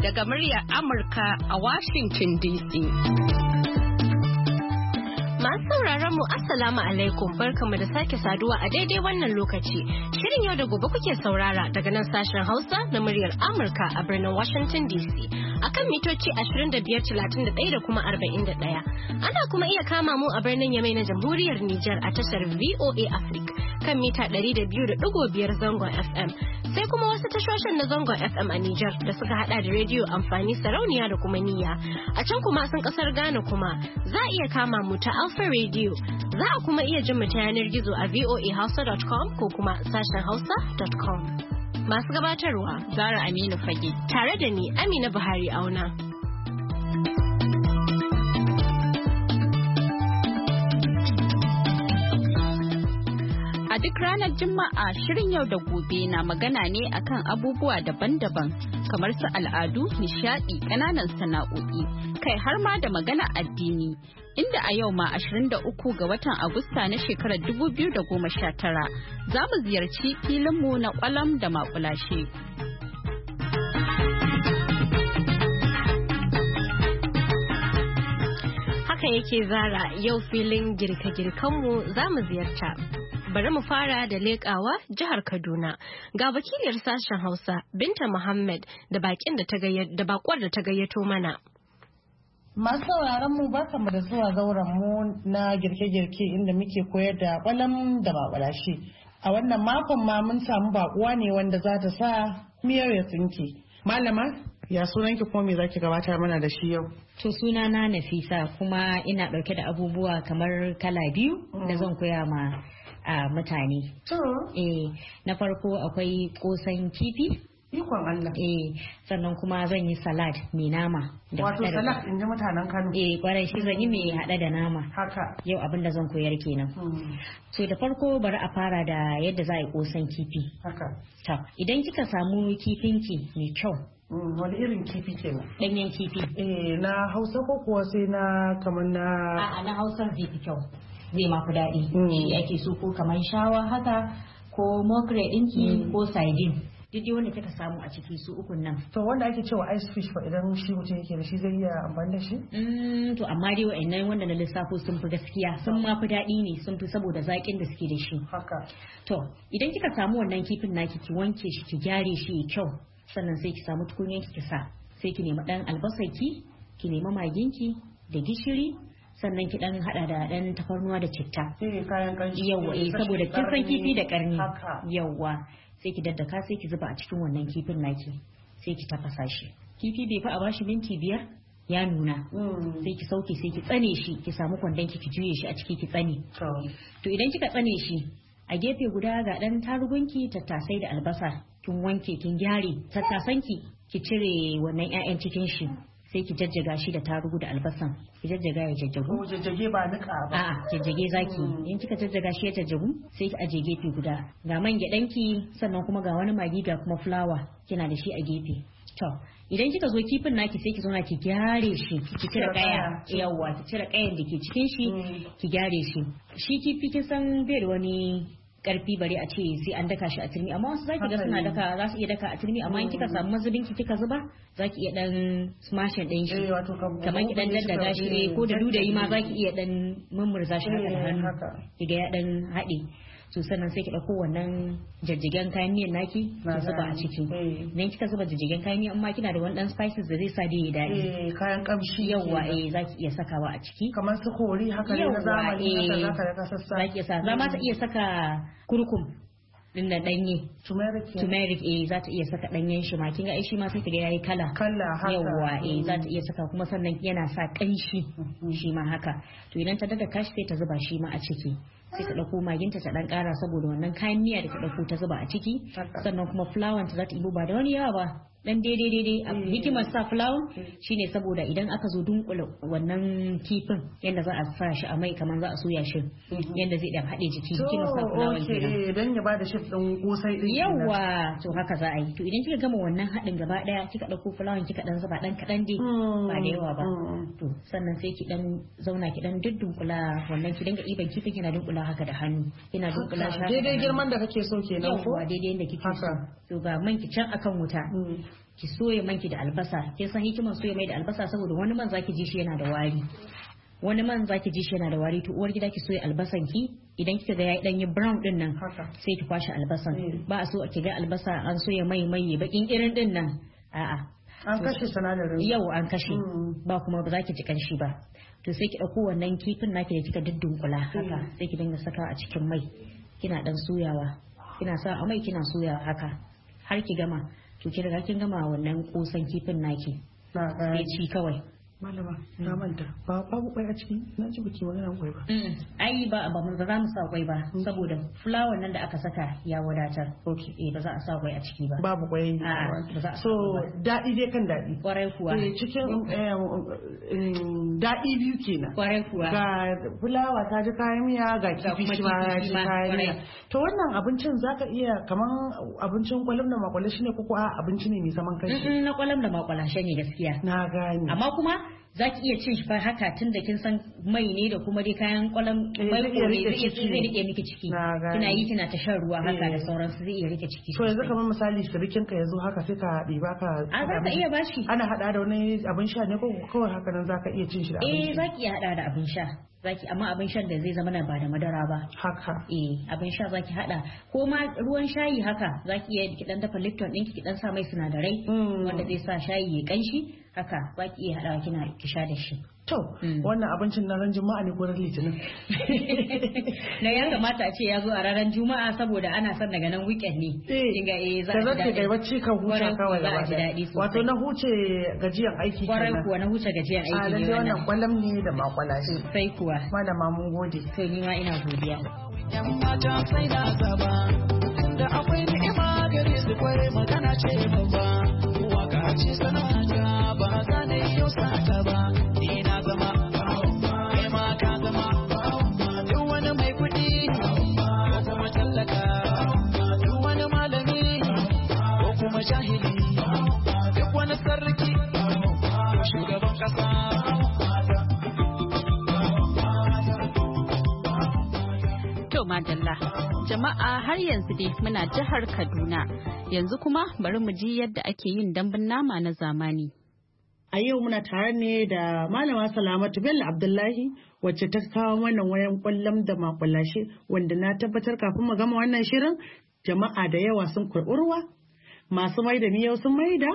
Daga muryar Amurka a Washington DC. Masu sauraron mu Assalamu alaikum barkamu da sake saduwa a daidai wannan lokaci. Shirin yau da gobe kuke saurara daga nan sashen Hausa na muryar Amurka a birnin Washington DC. akan mitoci 2531 da kuma 41. Ana kuma iya kama mu a birnin Yamai na Jamhuriyar Nijar a tashar VOA Africa kan mita 200.5 zangon FM. Sai kuma wasu tashoshin na zangon FM a Nijar da suka hada da rediyo amfani sarauniya da kuma niyya. A can kuma sun kasar Ghana kuma za a iya kama mu ta Alpha Radio. Za a kuma iya jin mu ta yanar gizo a voahausa.com ko kuma sashen hausa.com. Masu gabatarwa Zara Aminu Fage tare da ni Amina Buhari auna. A duk ranar Juma'a shirin yau da gobe na magana ne akan abubuwa daban-daban kamar su al'adu, nishadi, kananan sana'o'i, kai har ma da magana addini. Inda a yau ma 23 ga watan Agusta na shekarar 2019 za mu ziyarci filin mu na kwalam da makulashe. Haka yake zara yau filin girka-girkanmu za mu ziyarta. bari mu fara da leƙawa jihar Kaduna. Ga wakiliyar sashen Hausa Binta Muhammad da bakin da bakwar da ta gayyato mana. Masu sauraron mu ba mu da zuwa zauren mu na girke-girke inda muke koyar da kwalam da babalashi. A wannan makon ma mun samu baƙuwa ne wanda za ta sa miyar ya tsinke. Malama, ya sunanki kuma me zaki gabatar mana da shi yau? To suna na Nafisa kuma ina ɗauke da abubuwa kamar kala biyu da mm. zan koya ma a mutane. E, na farko akwai kosan kifi. Ikon Allah. Eh sannan kuma zan yi salad mai nama. Wato salad in ji mutanen Kano. Eh kwarai shi zan yi mai haɗa da nama. Haka. Yau abin da zan koyar kenan. So hmm. da farko bari a fara da yadda za a yi kosan kifi. Haka. Ta idan kika samu kifinki mai kyau hmm, wani irin kifi ke nan ɗanyen kifi eh na hausa ko kuwa sai na kamar na a'a na hausa zai fi kyau zai maku daɗi mm. shi ake so ko kamar shawa haka ko mokre ɗinki mm. ko sardine duk dai wanda kika samu a ciki su ukun nan. To wanda ake cewa ice fish fa idan shi mutum yake da shi zai iya amfani da shi? Mm, to amma dai wa'annan wanda na lissafo sun fi gaskiya sun ma fi daɗi ne sun fi saboda zaƙin da suke da shi. Haka. To idan kika samu wannan kifin naki ki wanke shi ki gyare shi ya kyau sannan sai ki samu tukunyar ki sa sai ki nemi ɗan albasarki ki nemi maginki da gishiri sannan ki dan hada da dan tafarnuwa da citta eh saboda kin san kifi da karni yawa sai ki daddaka sai ki zuba a cikin wannan kifin naki sai ki tafasa shi kifi bai fa a bashi minti biyar ya nuna hmm. sai ki sauke sai ki tsane shi ki samu kwandon ki ki juye shi a ciki ki tsane to idan kika tsane shi a gefe guda ga dan tarugunki tattasai da albasa kin wanke kin gyare tattasanki ki cire wannan 'ya'yan cikin shi sai ki jajjaga shi da tarugu da albasan ki jajjaga ya jajjagu ko jajjage ba nika ba a jajjage zaki hmm. in kika jajjaga shi ya jajjagu sai ki aje gefe guda ga man gyadan ki sannan kuma ga wani magi ga kuma fulawa kina da shi a gefe to idan kika zo kifin naki sai ki zo na ki gyare shi ki cire kaya yawa ki cire kayan da ke cikin shi hmm. ki gyare shi shi kifi kin san bai da wani karfi bare a ce sai an daka shi a turmi amma wasu zaki ga suna daka za su iya daka a turmi amma in kika hmm. samu mazubin ki kika zuba zaki iya dan smashin din shi eh, kamar ki dan daddaga shi ko da eh, dudayi ma zaki iya dan mummurza shi haka da eh, hannu kiga ya dan haɗe to sannan sai ki ɗauko wannan jajjigen kayan miyan naki ki zuba a ciki eh. idan kika zuba jajjigen kayan miyan amma kina da wani dan spices da zai sa dai ya daɗi eh, kayan kamshi yawa eh zaki iya sakawa a ciki kamar su kori haka ne na zamani haka eh. zaka sassa zaki iya sa za ma ta iya saka kurkum din da danye turmeric turmeric eh za ta iya saka danyen shi ma kin ga shi ma sai ta ga yayi kala kala haka yawa eh za ta iya saka kuma sannan yana sa kanshi mm-hmm. shi ma haka to idan ta daga kashi sai ta zuba shi ma a ciki sai ta ɗauko maginta ta ɗan ƙara saboda wannan kayan miya da ta ɗauko ta zuba a ciki sannan kuma fulawan ta za ta ibo ba da wani yawa ba dan daidai daidai a eh. hikimar sa fulawan eh. shine saboda idan aka zo dunkula wannan kifin yadda za a fara shi a mai kamar za a soya shi mhm. yadda zai dan haɗe jiki hikimar sa fulawan kenan eh, dan ya bada shi din kosai din yawa to haka za a yi to idan kika gama wannan haɗin gaba daya kika dauko fulawan kika dan zuba dan kadan dai ba da yawa ba mm. to sannan sai ki dan zauna ki dan dunkula wannan ki dinga iban kifin kina dunkula haka da hannu kina dunkula shi daidai girman da kake so kenan ko daidai yadda kike so to ga man ki can akan wuta mm. ki soya manki da albasa kin san hikiman soya mai da albasa saboda wani man zaki ji shi yana da wari wani man zaki ji shi yana da wari to uwar gida ki soya albasan ki idan kika ga yayi danyi brown din nan sai ki kwashe albasan eh. ba a so ki ga albasa an soya mai mai bakin irin din nan a'a an kashe sanadarin yau an kashe hmm. ba kuma ba za ki ji kanshi ba to sai ki dauko wannan kifin naki da kika duddunkula hmm. haka sai ki dinga saka a cikin mai kina dan soyawa kina sa a mai kina soyawa haka har ki gama to daga kin gama wannan kosan kifin naki eh. sai ci kawai malama na manta ba babu kwai a ciki na ci biki magana kwai ba mm. ai ba ba mu za mu sa kwai ba mm. saboda fulawar nan da aka saka ya wadatar okay eh ba za a sa kwai a ciki ba babu kwai so daɗi dai kan daɗi. kwarai kuwa eh cikin mm. eh, um, um, daɗi biyu kenan kwarai kuwa ga fulawa ta ji kayan miya ga kifi shi ma ta ji kayan miya to wannan abincin za ka iya kaman abincin kwalam da makwalashi ne ko a abinci ne mai saman kanshi na kwalam da makwalashe ne gaskiya na gani amma kuma za ki iya cin shi fa haka tun da kin san mai ne da kuma dai kayan kwalam eh, mai kore zai rike miki ciki kina yi kina ta shan ruwa haka da eh. sauransu zai iya rike ciki to yanzu kamar misali shirikin ka yazo haka sai ka ba ka a za ka iya bashi ana hada da wani abin sha ne ko kawai haka nan za ka iya cin shi da abin eh za ki iya hada da abin sha zaki amma abin shan da zai zama na ba da madara ba haka eh abin sha zaki hada ko ma ruwan shayi haka zaki iya ki dan dafa Lipton ɗinki ki dan sa mai sinadarai hmm. wanda zai sa shayi ya kanshi haka baki ki iya kina kisha da shi. To, mm. wannan abincin na ran juma'a ne ko ran litinin. Na ya mata a ce ya zo a ranar juma'a saboda ana son daga nan weekend ne. Eh, Kinga eh za ka ji Kai bacci kan huta kawai za a Wato na huce gajiyan aiki kenan. kuwa na huce gajiyan ah, aiki ne wannan. A wannan kwalam ne da shi Sai kuwa. Malama mun gode. To ni ma ina godiya. Yan mata sai da gaba. Da akwai ni'ima gare su kware magana ce babba. ga ce sana'a jahili duk madalla jama'a har yanzu dai muna jihar kaduna yanzu kuma bari mu ji yadda ake yin dambun nama na zamani a yau muna tare ne da malama salamatu bello abdullahi wacce ta kawo mana wayan kwallon da makulashe wanda na tabbatar kafin mu gama wannan shirin jama'a da yawa sun kurɓurwa masu da miyau sun da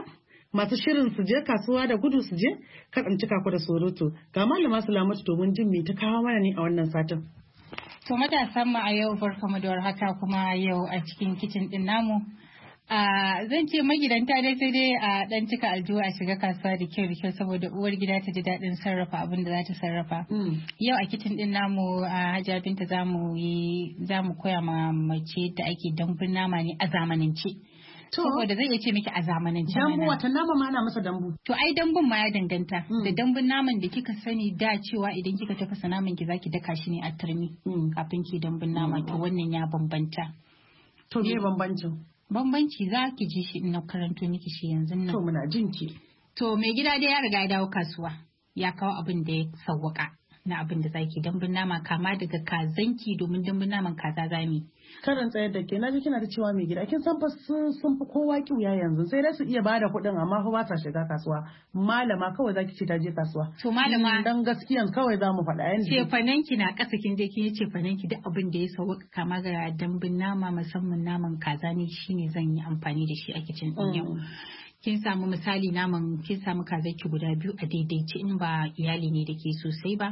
masu shirin su je kasuwa da gudu su je kar da surutu ga malama salamatu domin jin me ta kawo mana ne a wannan satin to matasan mu a yau barkamu da warhaka kuma yau a cikin kicin din namu zan ce magidanta dai sai dai a dan cika aljihu a shiga kasuwa da kyau da kyau saboda uwar gida ta ji daɗin sarrafa abin da za ta sarrafa. Mm. Yau a kicin din namu a Hajiya Binta za mu koya ma mace yadda ake dambun nama ne a zamanance. Saboda zai iya ce miki a can. Dambu wata nama ma ana masa dambu. To ai dambun ma ya danganta. Hmm. Da dambun naman da kika sani da cewa idan kika tafasa naman ki zaki daka shi ne a turmi. Hmm. Kafin ki dambun nama to hmm. wannan ya bambanta. To me eh, bambancin? Bambanci za ki ji shi na karanto miki shi yanzu nan. To muna jin ki. To mai gida dai ya riga ya dawo kasuwa. Ya kawo abin da ya sawwaka. na abin da zaki dambun nama kama daga kazanki domin dambun naman kaza zami. Karin tsayar da ke na ji kina da cewa mai gida kin san fa sun fi kowa kiwuya yanzu sai dai su iya bada kuɗin amma fa ba sa shiga kasuwa malama kawai zaki ce ta je kasuwa. To malama mm, dan gaskiya kawai za mu faɗa yanzu. Cefanen ki na ƙasa kin je kin yi cefanen ki duk abin da ya sauka kama ga dambun nama musamman naman kaza ne shine zan yi amfani da shi a kicin ɗin mm. kin samu misali naman kin samu ki guda biyu a daidaici in ba iyali ne da ke sosai ba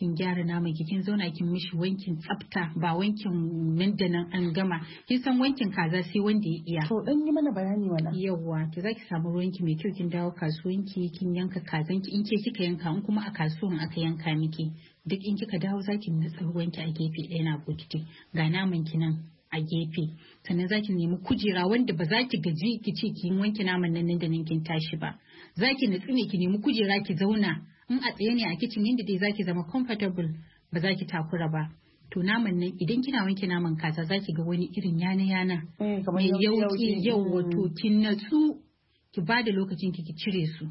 kin gyara naman ki kin zauna kin mishi wankin tsafta ba wankin nan da nan an gama kin san wankin kaza sai wanda ya iya to dan yi mana bayani wannan yawa ki zaki samu ruwanki mai kyau kin dawo kasuwanki kin yanka kazan in ke kika yanka in kuma a kasuwan aka yanka miki duk in kika dawo zaki ruwan ruwanki a gefe ɗaya na bokiti ga naman ki nan a gefe sannan zaki nemi kujera wanda ba zaki gaji ki ce ki wanke naman nan da nan kin tashi ba zaki nutsu ne ki nemi kujera ki zauna in a tsaye ne a kicin yadda dai zaki zama comfortable ba za ki takura ba to naman nan idan kina wanke naman kaza zaki ga wani irin yana yana mm, mai yauki mm. yau wato ki natsu ki ba da lokacin ki cire su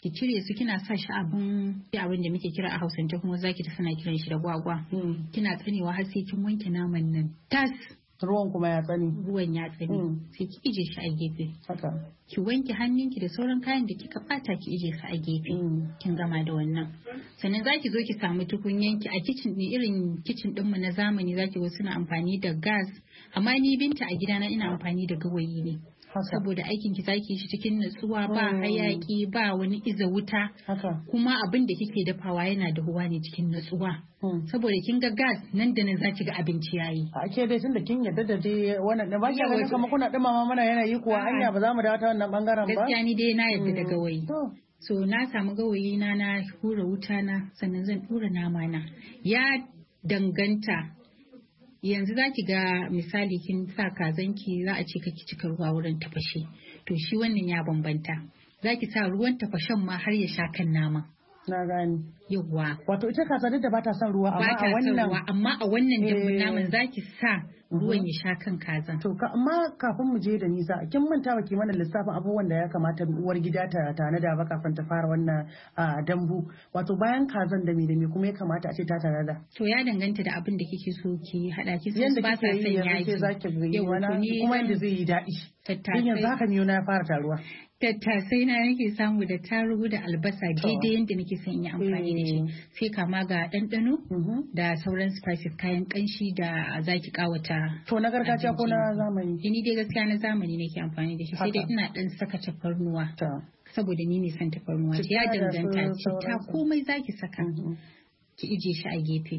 ki cire su kina sa shi abin mm. abin da muke kira a hausance kuma zaki ta sana kiran shi da gwagwa kina tsanewa har sai kin wanke naman nan tas ruwan kuma ya tsani ruwan ya tsani mm. sai ki ije shi a gefe haka ki wanke hannunki da sauran kayan da kika fata ki ije su a gefe mm. kin gama da wannan sannan zaki zo ki samu tukunyanki a kicin ne irin kicin dinmu na zamani zaki wasu suna amfani da gas amma ni binta a gidana ina amfani da gawayi ne saboda aikin ki zaki shi cikin natsuwa ba hmm. hayaki ba wani iza wuta kuma abin da kike dafawa yana da huwa ne cikin natsuwa hmm. saboda kin ga gas nan da nan zaki ga abinci yayi a ke dai tunda kin yadda da dai wannan ba ki ga kuma kuna ma mana yana yi kuwa hanya ba za mu dawo ta wannan bangaren ba gaskiya ni dai na yadda da hmm. gawayi so na samu gawayi na na hura wuta na sannan zan dura nama na ya danganta yanzu za ki ga misali kin sa kazanki za a ce ki cika ruwa wurin tafashe to shi wannan ya bambanta za ki sa ruwan tafashen ma har ya sha kan nama na gani yawwa wato ita kaza da ba ta son ruwa amma a wannan amma a wannan dambun eh. namun zaki sa mhm. ruwan ya sha kan kazan to amma kafin mu je da nisa kin manta wa kimanin lissafin abubuwan da ya kamata uwar gida ta tanada ba kafin ta fara wannan dambu wato bayan kazan da me da me kuma ya kamata a ce ta tanada to ya danganta da abin da kike so ki hada ki so ba sa son yaji yawwa kuma yanda zai yi daɗi tattasai yanzu haka miyo na fara taruwa tattasai na nake samu da tarugu da albasa daidai yanda nake son yi amfani Mm-hmm. sai kama ga ɗanɗano mm-hmm. da sauran spices kayan ƙanshi da zaki kawata. To na gargajiya ko na zamani? Eh, ni dai gaskiya na zamani nake amfani da shi sai dai ina ɗan saka tafarnuwa. Saboda ni ne son tafarnuwa. Ya danganta citta komai zaki saka. Mm-hmm. Ki ije shi a gefe.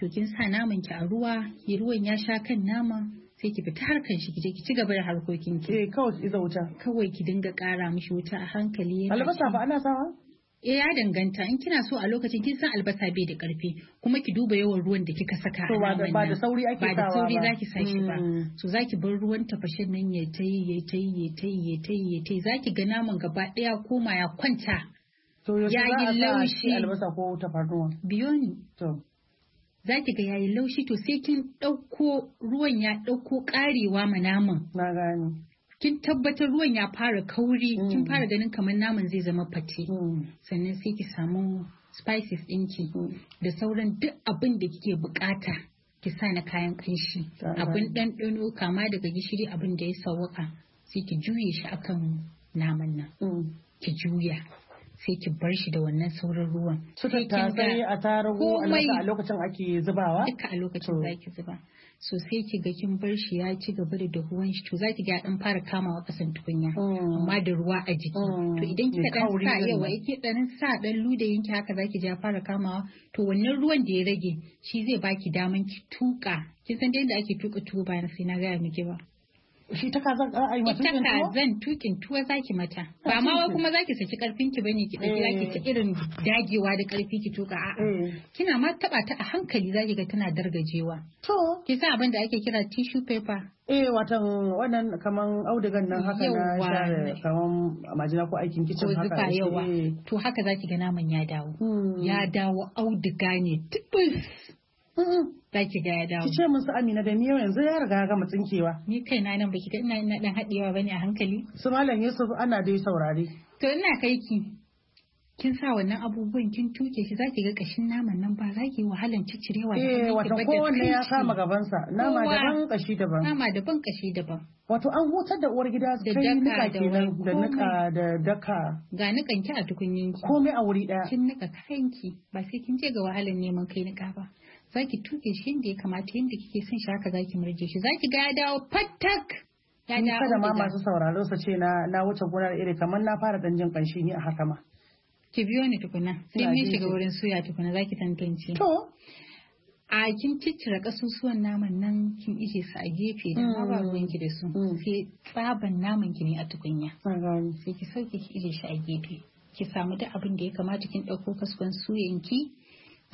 To kin sa naman ki a ruwa, ki ruwan ya sha kan nama. sai ki fita harkan shi kije ki ci gaba da harkokin ki. Eh kawai ki iza wuta. Kawai ki dinga kara mishi wuta a hankali. Albasa ba ana sawa? E ya danganta in kina so a lokacin kin san albasa bai da karfi kuma ki duba yawan ruwan da kika saka a naman ba da sauri ake ba da sauri zaki sa shi ba mm. so zaki bar ruwan tafashe nan ya tayi ya tayi ya tayi ya tayi ya tayi zaki ga naman gaba daya koma ya kwanta ya yi laushi albasa ko tafarnuwa biyon to zaki ga yayi laushi to sai kin dauko ruwan ya dauko karewa ma naman na gani kin tabbatar ruwan ya fara kauri mm. kin fara ganin kamar naman zai zama fate mm. sannan sai ki samu spices ɗinki mm. da sauran duk abin da kike bukata ki sa na kayan kanshi abin ɗanɗano kama daga gishiri abin da ya sawwaka sai ki juye shi akan naman nan ki juya sai ki bar shi da wannan sauran ruwan. Su tattasai a tarugu a lokacin ake zubawa? Duka a lokacin za ki zuba. So sai ki ga kin bar shi ya ci gaba da dahuwan shi to za ki ga dan fara kamawa kasan tukunya mm. amma da ruwa a jiki. Mm. To idan kika dan sa yawa yake dan sa dan ludayin yanki haka za ki ja fara kamawa to wannan ruwan da ya rage shi zai baki daman ki tuka. Kin san da yadda ake tuka tuwo bayan sai na gaya miki ba. Shi ta kaza ra'ayi masu tukin tuwa? Ita kazan tukin tuwa zaki mata. Ba ma wai kuma zaki saki karfin ki bane ki tafi eh. zaki ta irin dagewa da karfi ki tuka a'a. Eh. Kina ma taba ta a hankali zaki ga tana dargajewa. To. Ki sa abin da ake kira tissue paper. Eh watan wannan kaman audigan nan haka na share kaman majina ko aikin kicin haka. yawa. To haka zaki ga naman ya dawo. Hmm. Ya dawo auduga ne Za ki ga ya dawo. Ki ce musu Amina da miyau yanzu ya riga gama tsinkewa. Ni kai na nan baki ga ina ina dan haɗewa bane a hankali. Su Malam Yusuf ana dai saurare. To ina kai ki. kin sa wannan abubuwan kin tuke shi zaki ga kashin naman nan ba zaki wahalan ciccirewa eh wato kowanne ya kama gabansa nama daban kashi daban nama daban kashi daban wato an hutar da uwar gida da daka kenan da nika da daka ga nikan ki a tukunyin ki komai a wuri daya kin nika kayan ki ba sai kin je ga wahalan neman kai nika ba zaki ki tuke shi inda ya kamata yadda kike son shi haka za murje shi zaki ga ya dawo fatak ya dawo kada ma masu sauraro su ce na na wuce gonar iri kamar na fara dan jin kanshi ni a haka ki biyo ni tukuna sai ni shiga wurin suya tukuna za tantance to a kin ciccire kasusuwan naman nan kin ije su a gefe da ba ba ki da su mm, mm. sai tsaban naman ki ne a tukunya sai ki sauke ki ije shi a gefe ki samu duk abin da ya kamata kin ɗauko kaskon suyanki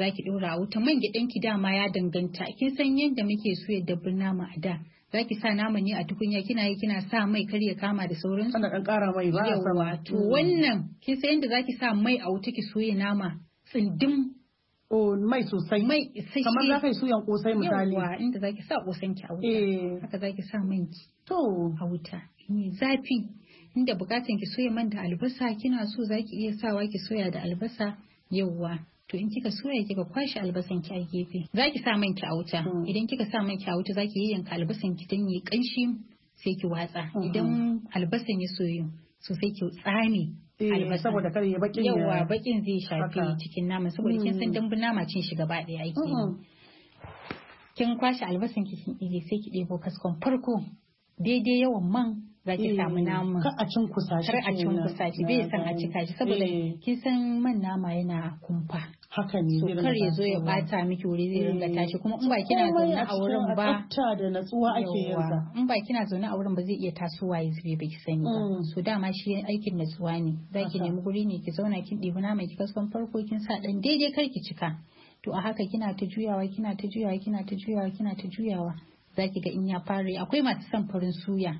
za ki ɗora wuta man ki dama ya danganta kin san yadda muke suyar dabbun nama a da za ki sa nama ne a tukunya kina yi kina sa mai kar ya kama da sauran ana kan kara mai ba a to mm. wannan kin san yadda za ki sa mai a wuta ki soya nama tsindim o mai sosai. Mai isasshe. Kamar za ka yi suyan kosai misali. yawa inda za ki sa kosan ki a wuta. Eh. Haka za ki sa man ki. To. A wuta. Mai zafi. Inda bukatan ki soya man da albasa kina so za ki iya sawa ki soya da albasa. Yawwa to in kika soya kika kwashe albasan ki a gefe zaki sa man ki a wuta mm. idan kika sa man ki a wuta zaki yayyanka albasan ki dan yi kanshi sai ki watsa mm. idan albasan ya soyu so sai ki tsame eh, albasa saboda kar ya bakin yawwa bakin zai shafi cikin nama saboda kin san mm. dambun nama cin shi gaba daya aiki kin kwashe albasan ki kin sai ki debo kaskon farko daidai yawan man za ki eh, samu nama. Kar a cin kusashi. Kar a cin kusashi bai san a cika shi saboda eh. kin san man nama yana kumfa. Haka ne. So kar ya zo ya bata miki wuri zai ringa eh. tashi kuma in ba kina zaune a wurin ba. Tsafta da natsuwa ake yanzu. In ba kina zaune a wurin ba zai iya tasowa ya zube ki sani ba. Mm. So dama shi aikin natsuwa ne. Za ki nemi guri ne ki zauna kin ɗibi nama ki kaskon farko kin sa ɗan daidai kar ki cika. To a haka kina ta juyawa kina ta juyawa kina ta juyawa kina ta juyawa. Za ki ga in ya fara akwai masu son farin suya.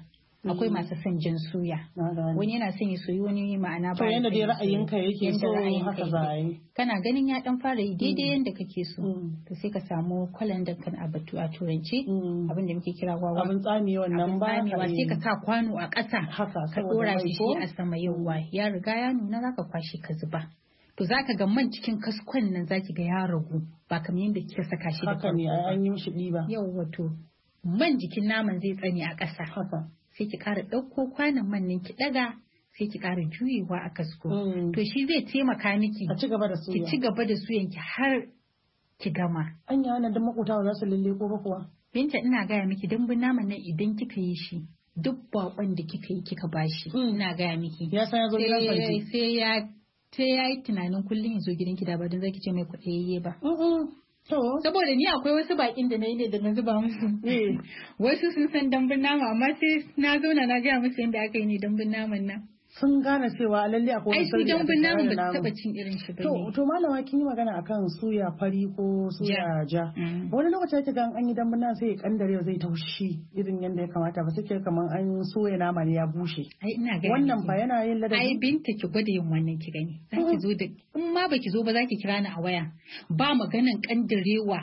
akwai mm. masu son jan suya wani yana son ya soyi wani ma'ana ba to yanda dai ra'ayinka yake so haka za a yi kana ganin ya dan fara yi daidai mm. yanda kake so mm. to sai ka samu kwalan kan a batu a turanci abin da muke kira wawa abin tsami wannan ba sai ka sa kwano a ƙasa ka dora shi shi a sama yawa ya riga ya nuna zaka kwashe ka zuba to zaka ga man cikin kaskon nan zaki ga ya ragu ba kamar yadda kika saka shi da haka ne an yi mishi ɗiba to man jikin naman zai tsani a ƙasa sai ki ƙara ɗauko kwanan man nan ki ɗaga sai ki ƙara juyewa a kasko. Mm. To shi zai taimaka miki. A ci gaba da suya. Ki ci gaba da suyan ki har ki gama. Anya wannan dan makota ba za su lalle ko ba kuwa. Binta ina gaya miki dambun naman nan idan kika yi shi duk baƙon da kika yi kika bashi. Mm. Ina gaya miki. Ya san ya zo gidan farji. Sai ya yi tunanin kullum ya zo gidan ki da ba don zaki ce mai yi ba. Saboda ni akwai wasu bakin da na yi ne da na zuba musu. Eh. Wasu sun san dambun nama amma sai na zauna na gaya musu yadda aka yi ne dambun naman nan. sun gane cewa lalle akwai wani sarki a cikin na mu ba taba cin irin shi ba to to malama kin yi magana akan suya fari ko suya ja mm. wani lokaci ake ga an yi dambun nan sai ya kandare zai taushi irin yadda ya kamata ba sai ke kaman an soya nama ne ya bushe ai ina ga wannan ba yana yin ladabi ai binta ki gwada yin wannan ki gani zaki zo da in ma baki zo ba zaki kira ni a waya ba maganan kandarewa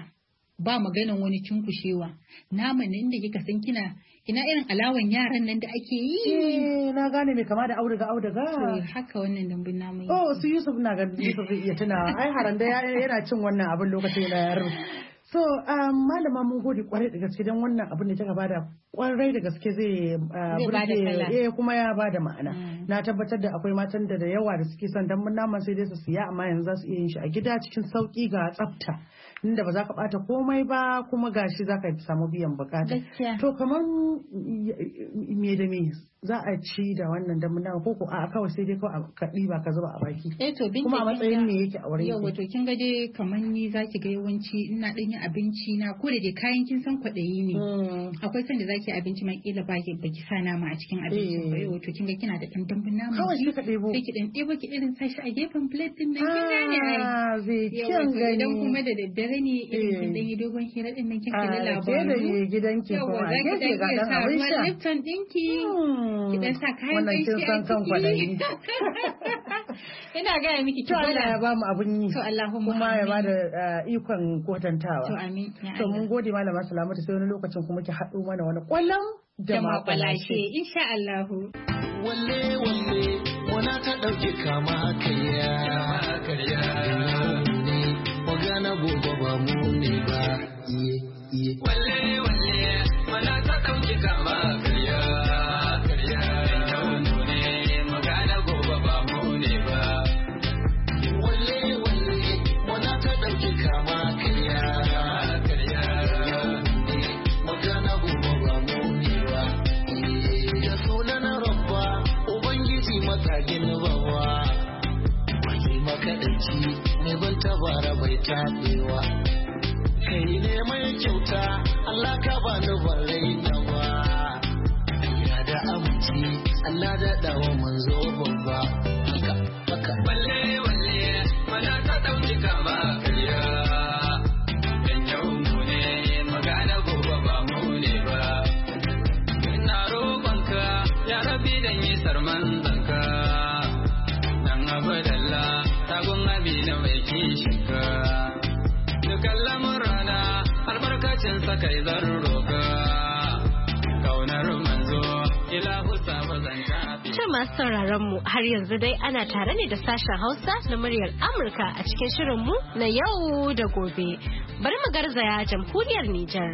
ba maganan wani cinkushewa naman nan da kika san kina ina irin alawan yaran nan da ake yi eh, na gane mai kama da auduga auduga to haka wannan dambun namu oh su Yusuf na ga Yusuf iya tunawa ai haranda yana cin wannan abin lokacin da yaro So, um, malama mun gode kwarai da gaske don wannan abin da kika bada kwarai da gaske zai uh, burge eh, kuma ya bada ma'ana. Mm. Na tabbatar da akwai matan da da yawa da suke son dan munna sai dai su siya amma yanzu za su iya yin shi a gida cikin sauki ga tsafta. Inda ba za ka bata komai ba kuma gashi za ka samu biyan bukata. To kamar me da me za a ci da wannan dan naman ko ko a kawai sai dai kawai ka ba ka zuba a baki. Eh to kuma a matsayin ne yake a wurin. Yau wato kin ga dai kamar ni za ki ga yawanci ina ɗan abinci na ko da dai kayan kin san kwaɗayi ne mm. akwai sanda zaki abinci ma kila ba ki baki sana nama a cikin abinci ba mm. yau to kin ga kina da dan dambun nama kawai sai ka ɗebo sai ki dan debo ki irin sashi a gefen plate din nan kin gane ai zai ah, kin gani dan kuma da daddare ne irin dan eh. yi dogon hira din nan kin kalli ah, labaru a gidan ki ko a gefe ga dan abin sha lifton din hmm. ki dan sa kayan gaishe kin san kan kwaɗayi ina ga miki ki Allah ya ba mu abun yi kuma ya ba da eh, ikon kwatantawa to amin to mun gode malama salamatu sai wani lokacin kuma ki haɗo mana wani kwallon da makwalashe insha Allah walle walle wana ta dauke kama kai kishinka lamurana albarkacin sakai zan kaunar manzo masu sauraron mu har yanzu dai ana tare ne da sashen Hausa na muryar Amurka a cikin shirin mu na yau da gobe. Bari mu garzaya jamhuriyar Nijar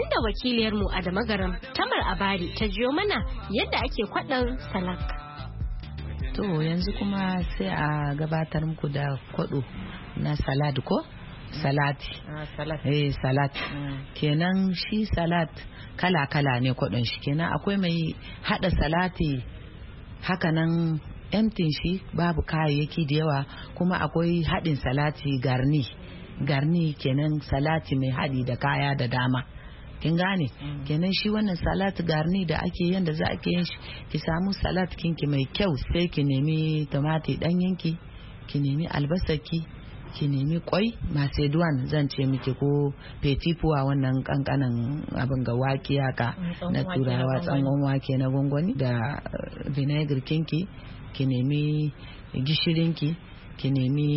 inda wakiliyarmu mu a Damagaram Tamar Abari ta jiyo mana yadda ake kwaɗon salak. To yanzu kuma sai a gabatar muku da kwado na salad ko salati mm. salat ah, eh salat mm. kenan shi salad kala kala ne kwadon shi kenan akwai mai hada salati hakanan emtin shi babu kayayyaki da yawa kuma akwai hadin salati garni garni kenan salati mai hadi da kaya da dama kin gane mm. kenan shi wannan salat garni da ake yanda za ake yin shi ki samu salat kinki mai kyau sai ki nemi tumatir ɗanyenki ki nemi albasarki ki nemi kwai macedon zan ce miki ko petipuwa wannan kankanan abin ga wake haka mm, na turawa tsangon wake na gwangwani da uh, vinegar kinki ki nemi gishirinki ki nemi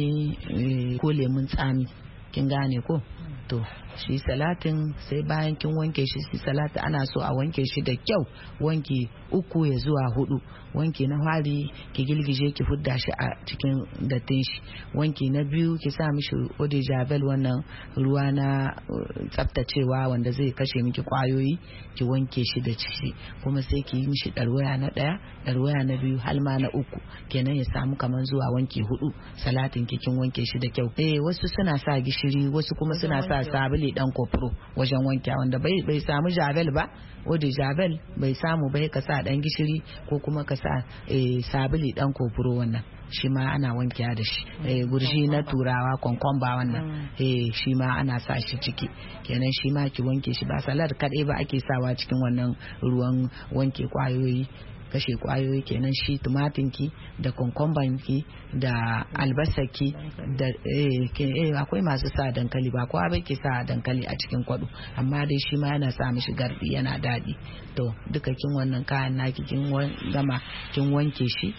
eh, ko lemun tsami kin gane ko mm. to shi salatin sai bayan kin wanke shi shi salati ana so a wanke shi da kyau wanki uku ya zuwa hudu wanki na fari ki gilgije ki hudda shi a cikin dattin shi wanki na biyu ki sa mishi ode javel wannan ruwa na eh, tsaftacewa wanda zai kashe miki kwayoyi ki wanke shi da ciki kuma sai ki yi mishi darwaya na daya darwaya na biyu ma na uku kenan ya samu kaman zuwa wanki hudu salatin ki kin wanke shi da kyau eh wasu suna sa gishiri wasu kuma suna sa sa sabili dan kofuro wajen wanke wanda bai bai samu javel ba odi javel bai samu bai ka sa dan gishiri ko kuma ka sa eh, sabili dan kofuro wannan shi ma ana wanke da shi eh gurji na turawa ba wannan mm. eh shi ma ana sa shi ciki kenan shi ma ki wanke shi ba salar kadai ba ake sawa cikin wannan ruwan wanke kwayoyi kashe kwayoyi kenan shi tumatin ki da ki da ki da eh, eh, akwai masu sa dankali ba kowa bai ke sa dankali a cikin kwado amma dai shi ma yana sa mishi gardi yana daɗi to duka kin wannan kayan naki kin gama kin wanke shi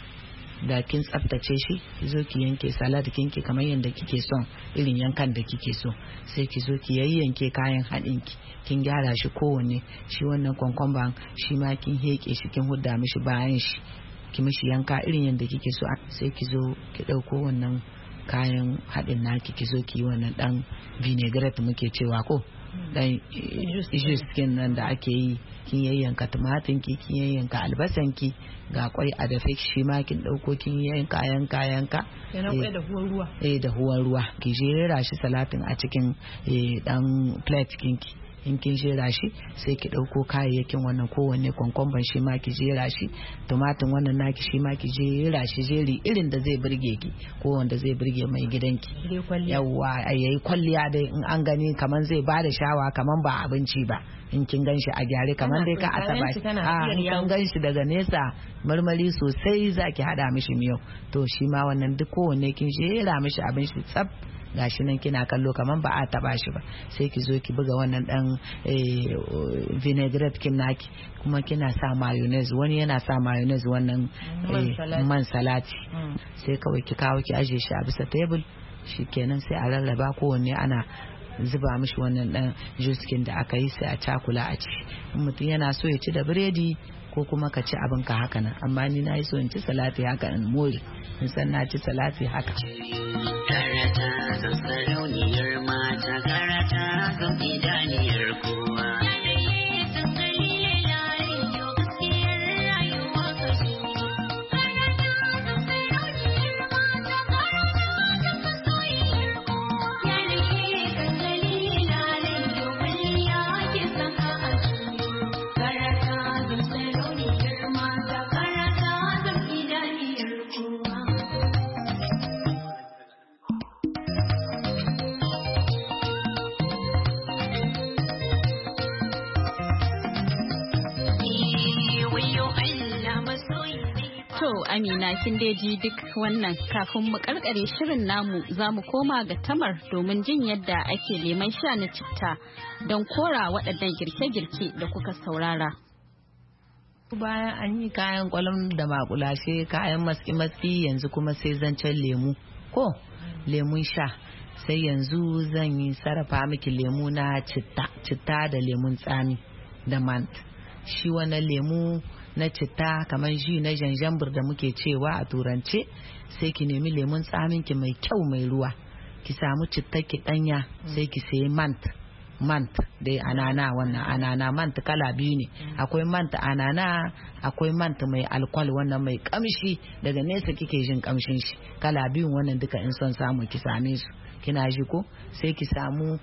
da kin tsaftace shi zo ki yanke salad kinki kamar yadda kike son irin yankan da kike so sai ki zo ki yayyanke kayan haɗin ki kin gyara shi kowanne shi wannan kwankwamban shi ma kin heke shi kin hudda mishi bayan shi ki mishi yanka irin yadda kike so sai ki zo ki ɗauko wannan kayan haɗin naki ki zo ki yi wannan ɗan vinaigrette muke cewa ko Hmm. dan eh, kin nan da ake yi kin yayyanka tumatin ki kin yayyanka albasan ki ga kwai a dafe shi ma kin dauko kin yanka yanka yanka eh da huwan ruwa eh da huwan ruwa ki jera shi salatin a cikin dan eh, plate ki in kin jera shi sai ki ɗauko kayayyakin wannan kowanne kwankwamban shi ma ki jera shi tumatin wannan naki shi ma ki jera shi jeri irin da zai burge ki ko wanda zai burge mai gidanki yawa ayi kwalliya dai in an gani kaman zai bada shawa kaman ba abinci ba in kin ganshi a gyare kaman dai ka asaba a ah, in kin ganshi daga nesa marmari sosai zaki hada mishi miyo to shi ma wannan duk kowanne kin jera mishi abin shi tsaf gashi nan kina kallo kaman ba a taba shi ba sai ki zo ki buga wannan dan eh, vinaigrette kin naki kuma kina sa mayonnaise wani yana sa mayonnaise wannan man eh, salati mm. sai kawai ki kawo ki aje shi a bisa table shikenan sai a ko wanne ana zuba mishi wannan dan juskin da aka yi sai a cakula a ci mutum yana so ya ci da biredi ko kuma ka ci abin ka haka nan amma ni na yi so in ci salati haka in mori in san na ci salati haka karata zan sarauniyar mata karata zan idaniyar kowa To Amina kin daji duk wannan kafin mu karkare shirin namu za mu koma ga tamar domin jin yadda ake neman sha na citta don kora waɗannan girke-girke da kuka saurara. Bayan an yi kayan kwalam da makulashe kayan maski-maski yanzu kuma sai zancen lemu ko lemun sha sai yanzu zan yi sarrafa miki lemu na citta citta da lemun tsami da mant shi wannan lemu na citta kamar ji na janjambur da muke cewa a turance sai ki nemi lemun tsamin ki mai kyau mai ruwa ki samu citta ki danya sai ki sayi mant mant dai anana wannan anana mant kala biyu ne mm. akwai mant anana akwai mant mai alkwal wannan mai kamshi daga nesa kike jin kamshin shi kala biyun wannan duka in son samu ki same su kina ji ko sai ki samu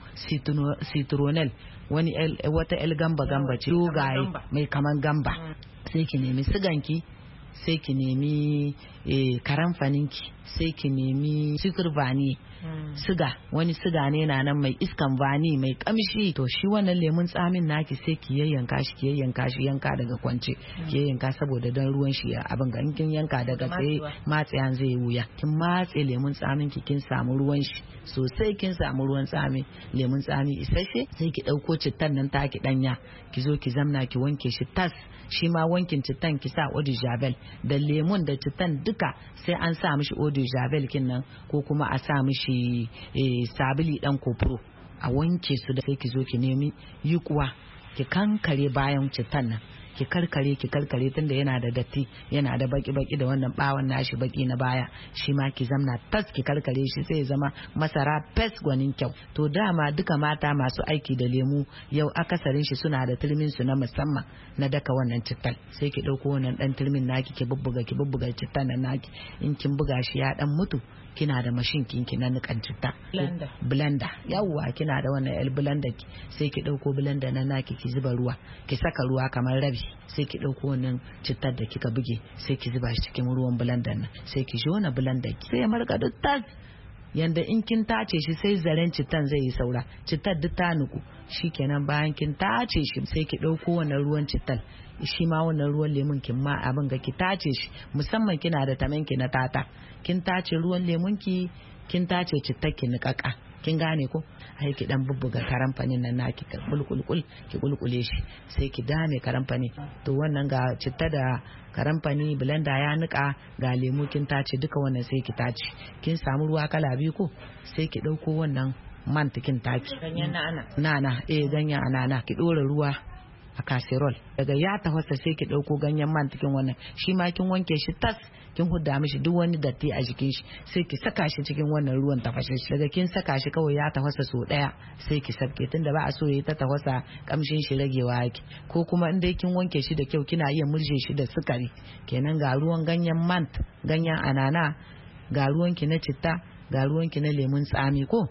citronel wani wata el gamba gamba ce dogaye mai kaman gamba mm. sai ki nemi siganki sai ki nemi eh karamfaninki sai ki nemi sugar vani. Hmm. siga wani siga ne na nan mai iskan vani mai kamshi to shi wannan lemun tsamin naki sai ki yayyanka shi ki yayyanka shi yanka daga kwance hmm. ki yayyanka saboda dan ruwan shi abin ga kin yanka daga tsaye matsayan zai wuya kin matse lemun tsamin ki kin samu ruwan shi sosai kin samu ruwan tsami lemun tsami isasshe sai ki dauko cittan nan taki danya ki zo ki zamna ki wanke shi tas shi ma wankin cittan ki sa odi jabel da lemun da cittan duk duka sai an sa mishi odo javel kinnan ko kuma a sa mishi eh, sabili dan kofuro a wanke su da sai ki zo ki nemi yi kuwa ki kankare bayan citan nan ki karkare ki karkare tunda yana da datti yana da baki baki da wannan bawan nashi baki na baya shi ma ki zamna tas ki karkare shi sai zama masara pes gwanin kyau to dama duka mata masu aiki da lemu yau akasarin shi suna da turmin su na musamman na daka wannan cittal sai ki dauko wannan dan turmin naki ki bubbuga ki bubbuga cittan nan naki in kin buga shi ya dan mutu kina da mashin kinki na nukan citta blender yawwa kina da wannan yar blender sai ki dauko blender na naki ki zuba ruwa ki saka ruwa kamar rabi sai ki dauko wannan cittar da kika buge sai ki zuba shi cikin ruwan blender na. sai ki jona blender ki sai ya marka duk yanda in kin tace shi sai zaren citan zai yi saura cittar duk ta nuku kenan bayan kin tace shi sai ki ɗauko wannan ruwan citan shi ma wannan ruwan lemun kin ma abin ga ki tace shi musamman kina da tamen ki na tata kin tace ruwan lemun ki kin tace citta ki niƙaƙa kin gane ko ai ki dan bubbuga karamfanin nan naki kulkulkul ki kulkule shi sai ki dame karamfani to wannan ga citta da karamfani blender ya nika ga lemu kin tace duka wannan sai ki tace kin samu ruwa kala biyu ko sai ki dauko wannan man kin taki ganyen na'ana eh ganyen anana ki dora ruwa a casserole daga ya tafasa sai ki dauko ganyen man cikin wannan shi ma kin wanke shi tas kin hudda mishi duk wani datti a jikin shi sai ki saka shi cikin wannan ruwan tafashe shi daga kin saka shi kawai ya tafasa so daya sai ki sabke tunda ba a so ya ta tafasa kamshin shi ragewa yake ko kuma in dai kin wanke shi da kyau kina iya murje shi da sukari kenan ga ruwan ganyen man ganyen anana ga ruwan ki na citta ga ruwan ki na lemun tsami ko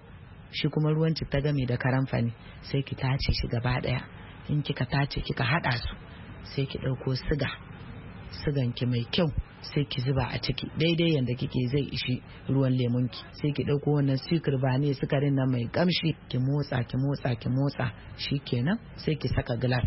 shi kuma ruwan citta game da karamfani sai ki tace shi gaba daya in kika tace kika haɗa su sai ki ɗauko siga ki mai kyau sai ki zuba a ciki daidai yadda kike zai ishi ruwan ki sai ki ɗauko wannan sukar ba ne sukarin nan mai kamshi ki motsa ki motsa ki motsa shikenan sai ki saka glass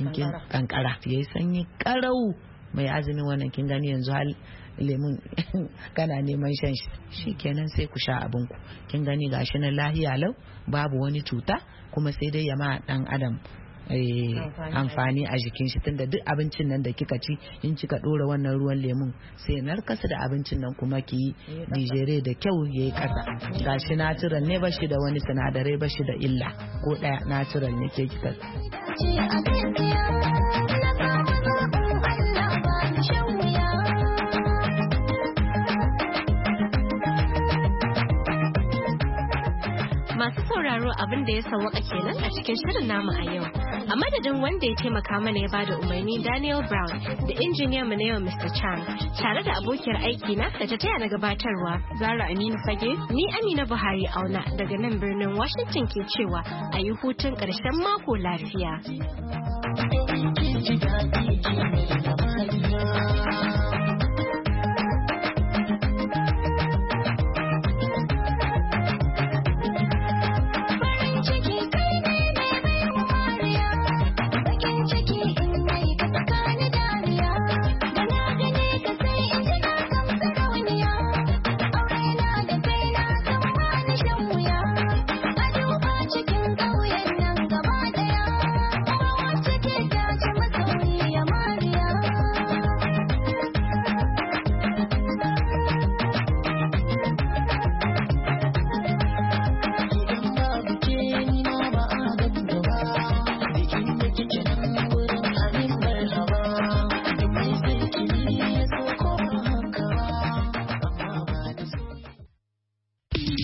in kin kankara yayi sanyi karau mai azumi wannan kin gani yanzu hal lemun kana neman shan shi shikenan sai ku sha abin ku kin gani gashi na lahiya lau babu wani cuta kuma sai dai yama ma dan adam Eh, amfani a jikin shi tunda duk abincin nan da kika ci in kika dora wannan ruwan lemun sai narkasa da abincin nan kuma ki dijere da kyau yayi kasa gashi natural ne bashi da wani sinadarai bashi da illa ko daya natural ne ke kika sauraro abin da ya sawaka kenan a cikin shirin namu a yau. A madadin wanda ya taimaka mana ya bada umarni Daniel Brown da injiniyan mu na yau Mr. Chan tare da abokiyar aiki na da ta taya na gabatarwa. Zara Aminu Fage, ni Amina Buhari Auna daga nan birnin Washington ke cewa a yi hutun ƙarshen mako lafiya.